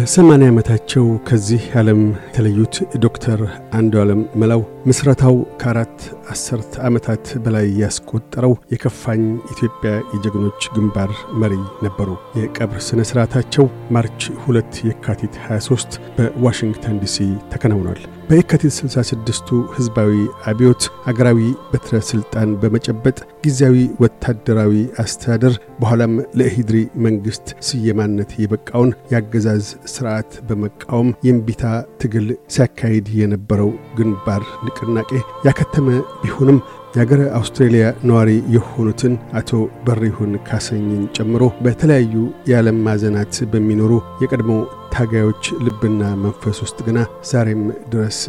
በሰማንያ ዓመታቸው ከዚህ ዓለም የተለዩት ዶክተር አንዱ ዓለም መላው ምስረታው ከአራት አስርት ዓመታት በላይ ያስቆጠረው የከፋኝ ኢትዮጵያ የጀግኖች ግንባር መሪ ነበሩ። የቀብር ሥነ ሥርዓታቸው ማርች 2 የካቲት 23 በዋሽንግተን ዲሲ ተከናውኗል። በየካቲት 66ቱ ሕዝባዊ አብዮት አገራዊ በትረ ሥልጣን በመጨበጥ ጊዜያዊ ወታደራዊ አስተዳደር በኋላም ለኢሂድሪ መንግሥት ስየማነት የበቃውን የአገዛዝ ሥርዓት በመቃወም የእምቢታ ትግል ሲያካሂድ የነበረው ግንባር ንቅ ንቅናቄ ያከተመ ቢሆንም የአገረ አውስትሬልያ ነዋሪ የሆኑትን አቶ በሪሁን ካሰኝን ጨምሮ በተለያዩ የዓለም ማዘናት በሚኖሩ የቀድሞ ታጋዮች ልብና መንፈስ ውስጥ ግና ዛሬም ድረስ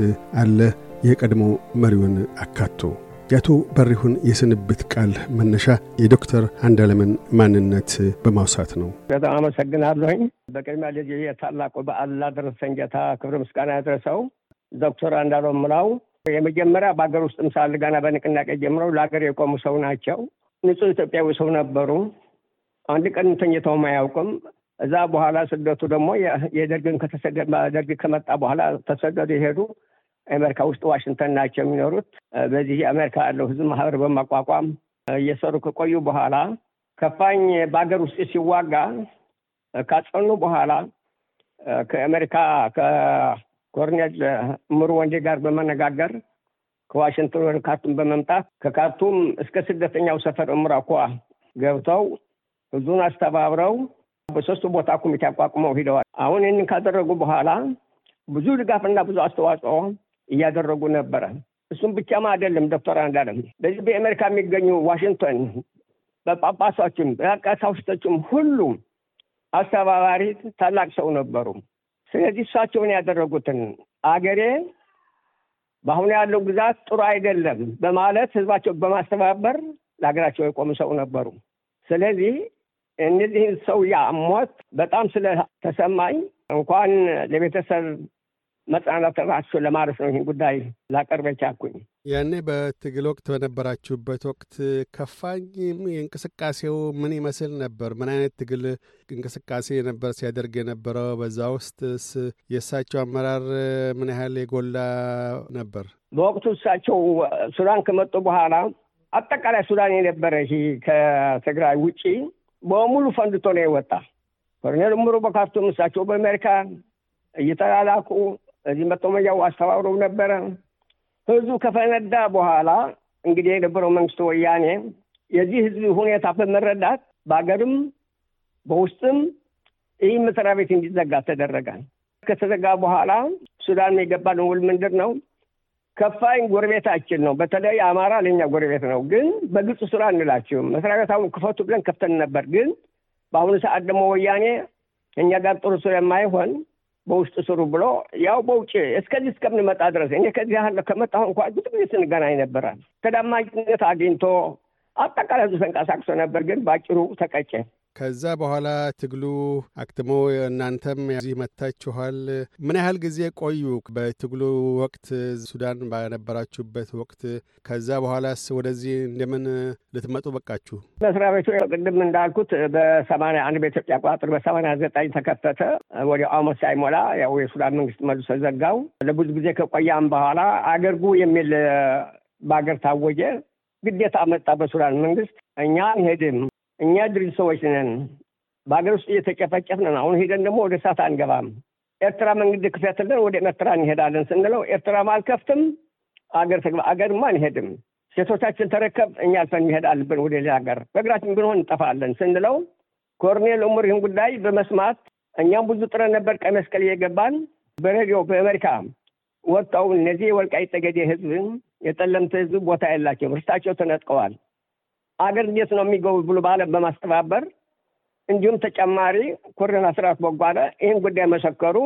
አለ የቀድሞ መሪውን አካቶ። የአቶ በሪሁን የስንብት ቃል መነሻ የዶክተር አንዳለምን ማንነት በማውሳት ነው። በጣም አመሰግናለሁኝ። በቅድሚያ ልጅ የታላቁ በዓል ላደረሰን ጌታ ክብር ምስጋና ያደረሰው ዶክተር አንዳለም ምላው የመጀመሪያ በሀገር ውስጥም ሳል ገና በንቅናቄ ጀምረው ለሀገር የቆሙ ሰው ናቸው። ንጹህ ኢትዮጵያዊ ሰው ነበሩ። አንድ ቀን ተኝተውም አያውቅም። እዛ በኋላ ስደቱ ደግሞ የደርግን ደርግ ከመጣ በኋላ ተሰደዱ የሄዱ አሜሪካ ውስጥ ዋሽንግተን ናቸው የሚኖሩት። በዚህ አሜሪካ ያለው ህዝብ ማህበር በማቋቋም እየሰሩ ከቆዩ በኋላ ከፋኝ በሀገር ውስጥ ሲዋጋ ካጸኑ በኋላ ከአሜሪካ ኮሎኔል ምሩ ወንዴ ጋር በመነጋገር ከዋሽንግተን ወደ ካርቱም በመምጣት ከካርቱም እስከ ስደተኛው ሰፈር እምራኳ ገብተው ህዝቡን አስተባብረው በሶስቱ ቦታ ኮሚቴ አቋቁመው ሂደዋል። አሁን ይህንን ካደረጉ በኋላ ብዙ ድጋፍና ብዙ አስተዋጽኦ እያደረጉ ነበረ። እሱም ብቻማ አይደለም ዶክተር አንዳለም በዚህ በአሜሪካ የሚገኙ ዋሽንግተን በጳጳሶችም በቀሳውስቶችም ሁሉም አስተባባሪ ታላቅ ሰው ነበሩ። ስለዚህ ምን ያደረጉትን አገሬ በአሁኑ ያለው ግዛት ጥሩ አይደለም በማለት ህዝባቸው በማስተባበር ለሀገራቸው የቆሙ ሰው ነበሩ። ስለዚህ እነዚህን ሰው ያ ሞት በጣም ስለተሰማኝ እንኳን ለቤተሰብ ተባሶ ለማለት ነው። ይህን ጉዳይ ላቀርበ ቻኩኝ። ያኔ በትግል ወቅት በነበራችሁበት ወቅት ከፋኝ እንቅስቃሴው ምን ይመስል ነበር? ምን አይነት ትግል እንቅስቃሴ ነበር ሲያደርግ የነበረው? በዛ ውስጥ የእሳቸው አመራር ምን ያህል የጎላ ነበር? በወቅቱ እሳቸው ሱዳን ከመጡ በኋላ አጠቃላይ ሱዳን የነበረ ከትግራይ ውጪ በሙሉ ፈንድቶ ነው የወጣ ኮሎኔል ምሩ በካርቱም እሳቸው በአሜሪካ እየተላላኩ እዚህ መጥቶ ያው አስተባብረው ነበረ። ህዝቡ ከፈነዳ በኋላ እንግዲህ የነበረው መንግስቱ ወያኔ የዚህ ህዝብ ሁኔታ በመረዳት በሀገርም በውስጥም ይህ መስሪያ ቤት እንዲዘጋ ተደረገ። ከተዘጋ በኋላ ሱዳን የገባልን ውል ምንድን ነው? ከፋይ ጎረቤታችን ነው። በተለይ አማራ ለኛ ጎረቤት ነው። ግን በግልጽ ስራ እንላችሁም መስሪያ አሁን ክፈቱ ብለን ከፍተን ነበር። ግን በአሁኑ ሰዓት ደግሞ ወያኔ እኛ ጋር ጥሩ ስለማይሆን በውስጥ ስሩ ብሎ ያው በውጭ እስከዚህ እስከምንመጣ ድረስ እኔ ከዚህ ያህል ከመጣሁ እንኳ ብዙ ጊዜ ስንገናኝ ነበራል። ተዳማጭነት አግኝቶ አጠቃላይ ህዝቡ ተንቀሳቅሶ ነበር። ግን በአጭሩ ተቀጨ። ከዛ በኋላ ትግሉ አክትሞ እናንተም እዚህ መጥታችኋል። ምን ያህል ጊዜ ቆዩ? በትግሉ ወቅት ሱዳን ባነበራችሁበት ወቅት ከዛ በኋላስ ወደዚህ እንደምን ልትመጡ በቃችሁ? መስሪያ ቤቱ ቅድም እንዳልኩት በሰማንያ አንድ በኢትዮጵያ አቆጣጠር በሰማንያ ዘጠኝ ተከፈተ። ወደ አመት ሳይሞላ ያው የሱዳን መንግስት መልሶ ዘጋው። ለብዙ ጊዜ ከቆያም በኋላ አገርጉ የሚል በሀገር ታወጀ። ግዴታ መጣ በሱዳን መንግስት። እኛ አንሄድም እኛ ድርጅት ሰዎች ነን። በሀገር ውስጥ እየተጨፈጨፍን አሁን ሄደን ደግሞ ወደ እሳት አንገባም። ኤርትራ መንገድ ክፈትልን ወደ ኤርትራ እንሄዳለን ስንለው ኤርትራም አልከፍትም አገር ተግባ አገርማ አንሄድም ሴቶቻችን ተረከብ እኛ አልፈን መሄድ አለብን ወደ ሌላ ሀገር በእግራችን ብንሆን እንጠፋለን ስንለው ኮርኔል እሙር ይህን ጉዳይ በመስማት እኛም ብዙ ጥረን ነበር። ቀይ መስቀል እየገባን በሬዲዮ በአሜሪካ ወጣው እነዚህ የወልቃይት ጠገዴ ህዝብ የጠለምት ህዝብ ቦታ የላቸው ርስታቸው ተነጥቀዋል። አገር እንዴት ነው የሚገቡ ብሎ ባለ በማስተባበር እንዲሁም ተጨማሪ ኩሪዮን ስርዓት በጓለ ይህን ጉዳይ መሰከሩ።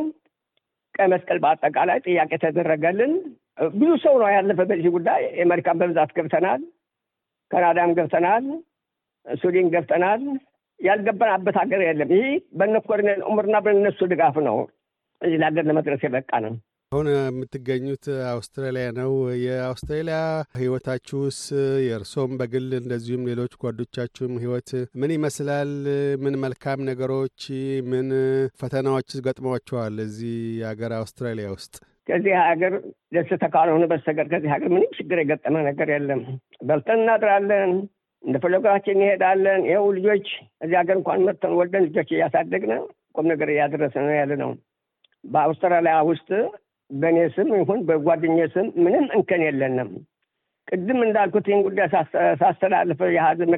ቀይ መስቀል በአጠቃላይ ጥያቄ ተደረገልን። ብዙ ሰው ነው ያለፈ በዚህ ጉዳይ። የአሜሪካን በብዛት ገብተናል፣ ካናዳም ገብተናል፣ ሱዲን ገብተናል። ያልገባናበት ሀገር የለም። ይህ በነኮርኔል ኮሎኔል በነሱ ድጋፍ ነው እዚህ ለሀገር ለመድረስ የበቃ ነው። አሁን የምትገኙት አውስትራሊያ ነው። የአውስትራሊያ ህይወታችሁስ የእርሶም በግል እንደዚሁም ሌሎች ጓዶቻችሁም ህይወት ምን ይመስላል? ምን መልካም ነገሮች፣ ምን ፈተናዎች ገጥመዋችኋል እዚህ ሀገር አውስትራሊያ ውስጥ? ከዚህ ሀገር ደስተ ካልሆነ በስተቀር ከዚህ ሀገር ምንም ችግር የገጠመ ነገር የለም። በልተን እናድራለን፣ እንደ ፈለጋችን እንሄዳለን። ይኸው ልጆች እዚህ ሀገር እንኳን መተን ወልደን ልጆች እያሳደግነ ቁም ነገር እያደረሰ ነው ያለ ነው። በአውስትራሊያ ውስጥ በእኔ ስም ይሁን በጓደኛ ስም ምንም እንከን የለንም። ቅድም እንዳልኩት ይህን ጉዳይ ሳስተላልፍ የሀዘን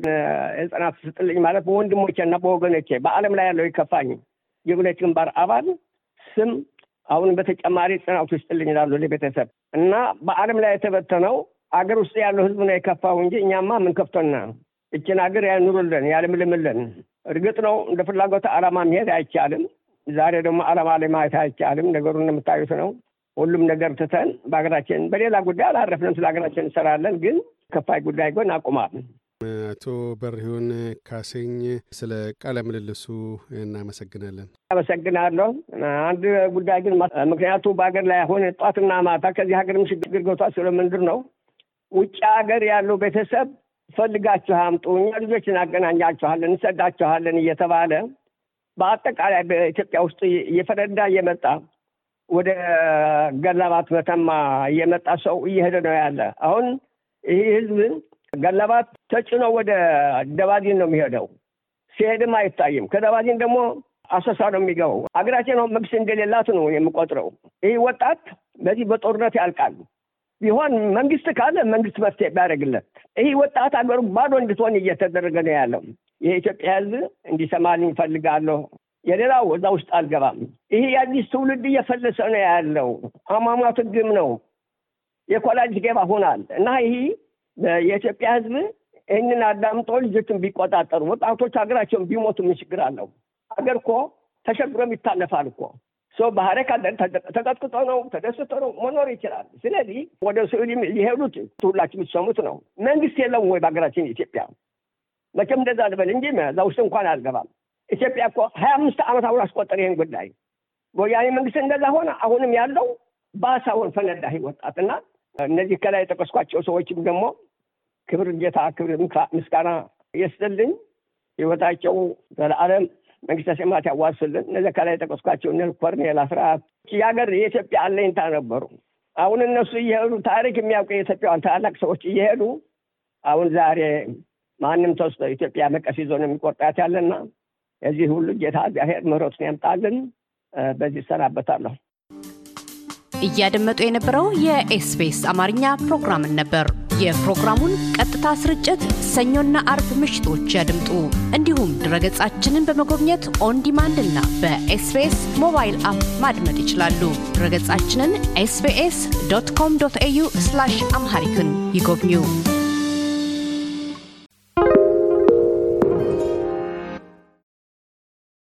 ህጽናት ስጥልኝ ማለት በወንድሞቼና በወገኖቼ በዓለም ላይ ያለው ይከፋኝ የሁለት ግንባር አባል ስም አሁን በተጨማሪ ጽናቱ ስጥልኝ ላሉ ለቤተሰብ እና በዓለም ላይ የተበተነው አገር ውስጥ ያለው ህዝብ ነው የከፋው እንጂ እኛማ ምን ከፍቶና እችን ሀገር ያኑሩልን ያልምልምልን። እርግጥ ነው እንደ ፍላጎት ዓላማ መሄድ አይቻልም። ዛሬ ደግሞ ዓላማ ላይ ማየት አይቻልም። ነገሩ እንደምታዩት ነው። ሁሉም ነገር ትተን በሀገራችን በሌላ ጉዳይ አላረፍንም። ስለ ሀገራችን እንሰራለን፣ ግን ከፋይ ጉዳይ ጎን አቁማል። አቶ በሪሁን ካሴኝ ስለ ቃለ ምልልሱ እናመሰግናለን። አመሰግናለሁ። አንድ ጉዳይ ግን ምክንያቱ በሀገር ላይ አሁን ጧትና ማታ ከዚህ ሀገርም ችግር ገብቷል። ስለ ምንድር ነው ውጭ ሀገር ያለው ቤተሰብ ፈልጋችሁ አምጡ፣ እኛ ልጆች እናገናኛችኋለን፣ እንሰዳችኋለን እየተባለ በአጠቃላይ በኢትዮጵያ ውስጥ እየፈረዳ እየመጣ ወደ ገላባት በተማ እየመጣ ሰው እየሄደ ነው ያለ። አሁን ይህ ህዝብ ገላባት ተጭኖ ወደ ደባዚን ነው የሚሄደው። ሲሄድም አይታይም። ከደባዚን ደግሞ አሰሳ ነው የሚገባው። አገራችን አሁን መንግስት እንደሌላት ነው የምቆጥረው። ይህ ወጣት በዚህ በጦርነት ያልቃል። ቢሆን መንግስት ካለ መንግስት መፍትሄ ቢያደርግለት። ይህ ወጣት አገሩ ባዶ እንድትሆን እየተደረገ ነው ያለው። የኢትዮጵያ ህዝብ እንዲሰማልኝ እፈልጋለሁ። የሌላ ወዛ ውስጥ አልገባም። ይሄ የአዲስ ትውልድ እየፈለሰ ነው ያለው። አሟሟቱ ግም ነው የኮላጅ ገባ ሆናል እና ይህ የኢትዮጵያ ሕዝብ ይህንን አዳምጦ ልጆችን ቢቆጣጠሩ ወጣቶች ሀገራቸውን ቢሞቱ ምን ችግር አለው? ሀገር እኮ ተሸግሮም ይታለፋል እኮ ሰው ባህረ ተቀጥቅጦ ነው ተደስቶ ነው መኖር ይችላል። ስለዚህ ወደ ስዕል የሄዱት ሁላችሁ የምትሰሙት ነው። መንግስት የለውም ወይ በሀገራችን ኢትዮጵያ? መቼም እንደዛ ልበል እንጂ እዛ ውስጥ እንኳን አልገባም። ኢትዮጵያ እኮ ሀያ አምስት ዓመት አሁን አስቆጠር ይህን ጉዳይ ወያኔ መንግስት እንደዛ ሆነ። አሁንም ያለው ባሳውን ፈነዳ ወጣት እና እነዚህ ከላይ የጠቀስኳቸው ሰዎችም ደግሞ ክብር ጌታ ክብር ምስጋና ይስጥልኝ። ህይወታቸው ዘለዓለም መንግስተ ሰማያት ያዋስልን። እነዚ ከላይ የጠቀስኳቸው እነ ኮርኔል አስራት የሀገር የኢትዮጵያ አለኝታ ነበሩ። አሁን እነሱ እየሄዱ ታሪክ የሚያውቁ የኢትዮጵያን ታላቅ ሰዎች እየሄዱ አሁን ዛሬ ማንም ተወስቶ ኢትዮጵያ መቀስ ይዞ ነው የሚቆርጣት ያለና እዚህ ሁሉ ጌታ እግዚአብሔር ምሕረቱን ያምጣልን። በዚህ እሰናበታለሁ። እያደመጡ የነበረው የኤስቢኤስ አማርኛ ፕሮግራምን ነበር። የፕሮግራሙን ቀጥታ ስርጭት ሰኞና አርብ ምሽቶች ያድምጡ። እንዲሁም ድረገጻችንን በመጎብኘት ኦን ዲማንድ እና በኤስቢኤስ ሞባይል አፕ ማድመጥ ይችላሉ። ድረገጻችንን ኤስቢኤስ ዶት ኮም ዶት ኤዩ አምሃሪክን ይጎብኙ።